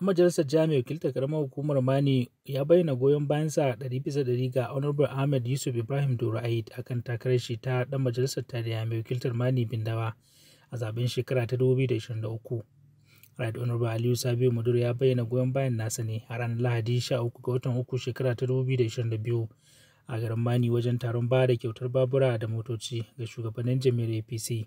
Dan majalisar jamia wakiltar karamar hukumar Mani ya bayyana goyon bayansa ɗari bisa ɗari ga Honorable Ahmed Yusuf Ibrahim Doro Ait akan takarar shi ta dan majalisar tarayya mai wakiltar Mani Bindawa a zaben shekara ta 2023. Right Honorable Aliyu Sabiu Maduro ya bayyana goyon bayan nasa ne a ranar Lahadi 13 ga watan uku shekara ta 2022 a garin Mani wajen taron ba da kyautar babura da motoci ga shugabannin jami'ar APC.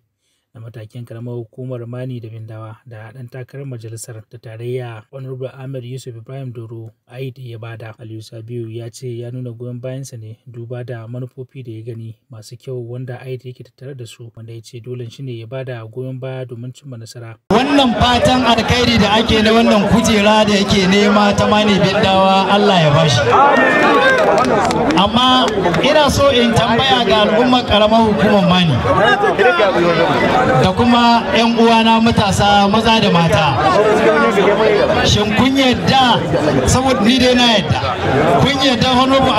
na matakin karamar hukumar mani da bindawa da dan takarar majalisar ta tarayya honorable ahmed yusuf ibrahim doro aid ya bada aliyu sabiu ya ce ya nuna goyon bayansa ne duba da manufofi da ya gani masu kyau wanda aid yake tattare da su wanda ya ce dole shine ya bada goyon baya domin cimma nasara wannan fatan Alkairi da ake na wannan kujera da yake nema ta mani bindawa allah ya bashi amma ina so in tambaya ga al'ummar karamar hukumar mani da kuma 'yan uwana matasa maza da mata shin kun yadda saboda ni dai na yadda kun yadda honorable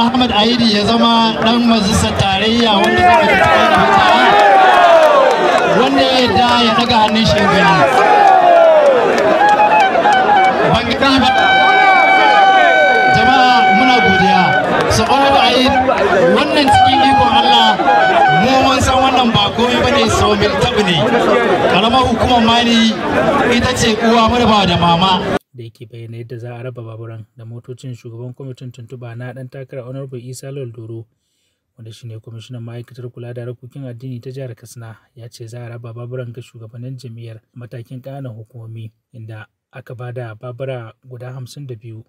ahmad aidi ya zama dan majalisar tarayya wanda zai wannan cikin ikon Allah mu mun san wannan ba komai bane so mil ne karamar hukumar mani ita ce uwa ba da mama da yake bayyana yadda za a raba baburan da motocin shugaban kwamitin tuntuba na dan takara honorable isa lol doro wanda shine kwamishinan ma'aikatar kula da harkokin addini ta jihar katsina ya ce za a raba baburan ga shugabannin jami'ar matakin ƙananan hukumomi inda aka ba da babura guda hamsin da biyu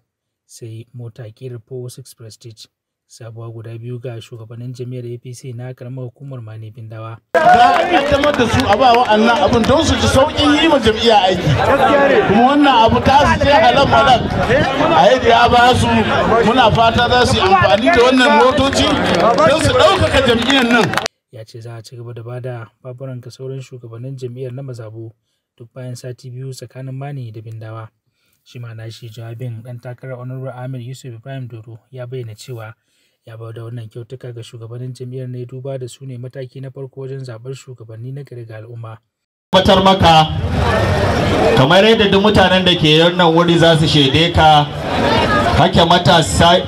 sai mota ƙirar 4 prestige sabuwa guda biyu ga shugabannin jami'ar apc na karamar hukumar mani bindawa za a kaddamar da su a ba wa'annan abin don su ji sauƙin yi ma jam'iyya aiki kuma wannan abu ta su ce halal malak a yadda ya ba su muna fata za su yi amfani da wannan motoci don su ɗaukaka jam'iyyar nan ya ce za a ci gaba da bada baburan ga sauran shugabannin jam'iyyar na mazabu duk bayan sati biyu tsakanin mani da bindawa shi ma na shi jawabin dan takarar honorable amir yusuf ibrahim dodo ya bayyana cewa ya ba da wannan kyautuka ga shugabannin jam'iyyar ne duba da su ne mataki na farko wajen zabar shugabanni na gari ga al'umma. tabbatar maka kamar yadda duk mutanen da ke wannan wuri za su shaide ka hake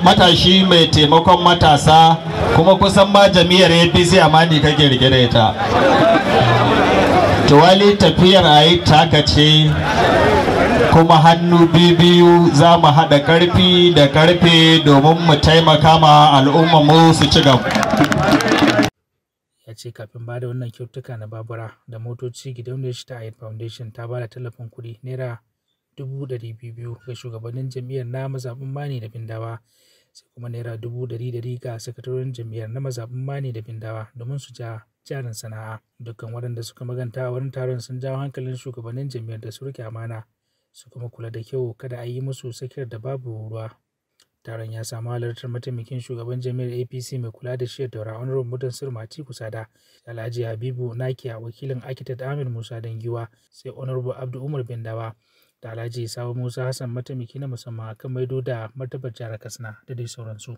matashi mai taimakon matasa kuma kusan ma jami'ar apc amani kake rike da ita tuwali tafiyar a yi taka kuma hannu bibiyu za mu haɗa ƙarfi da ƙarfe domin mu taimaka ma al'umma mu su ci gaba. ya ce kafin ba da wannan kyautuka na babura da motoci gidauniyar ya ta ayyar foundation ta bada tallafin kuɗi naira dubu ɗari biyu ga shugabannin jam'iyyar na mazaɓin mani da bindawa sai kuma naira dubu ɗari ɗari ga sakatorin jam'iyyar na mazaɓin mani da bindawa domin su ja jarin sana'a dukkan waɗanda suka maganta a wurin taron sun jawo hankalin shugabannin jami'ar da su rike amana su kuma kula da kyau kada a yi musu tsakiyar da babu ruwa taron ya samu halartar mataimakin shugaban jami'ar apc mai kula da shiyar daura honorable mudan sirma Sada, alhaji habibu nakiya wakilin akitat amir musa dangiwa sai honorable abdu umar bindawa da alhaji sabo musa hassan mataimaki na musamman kan maido da martabar jihar katsina da dai sauransu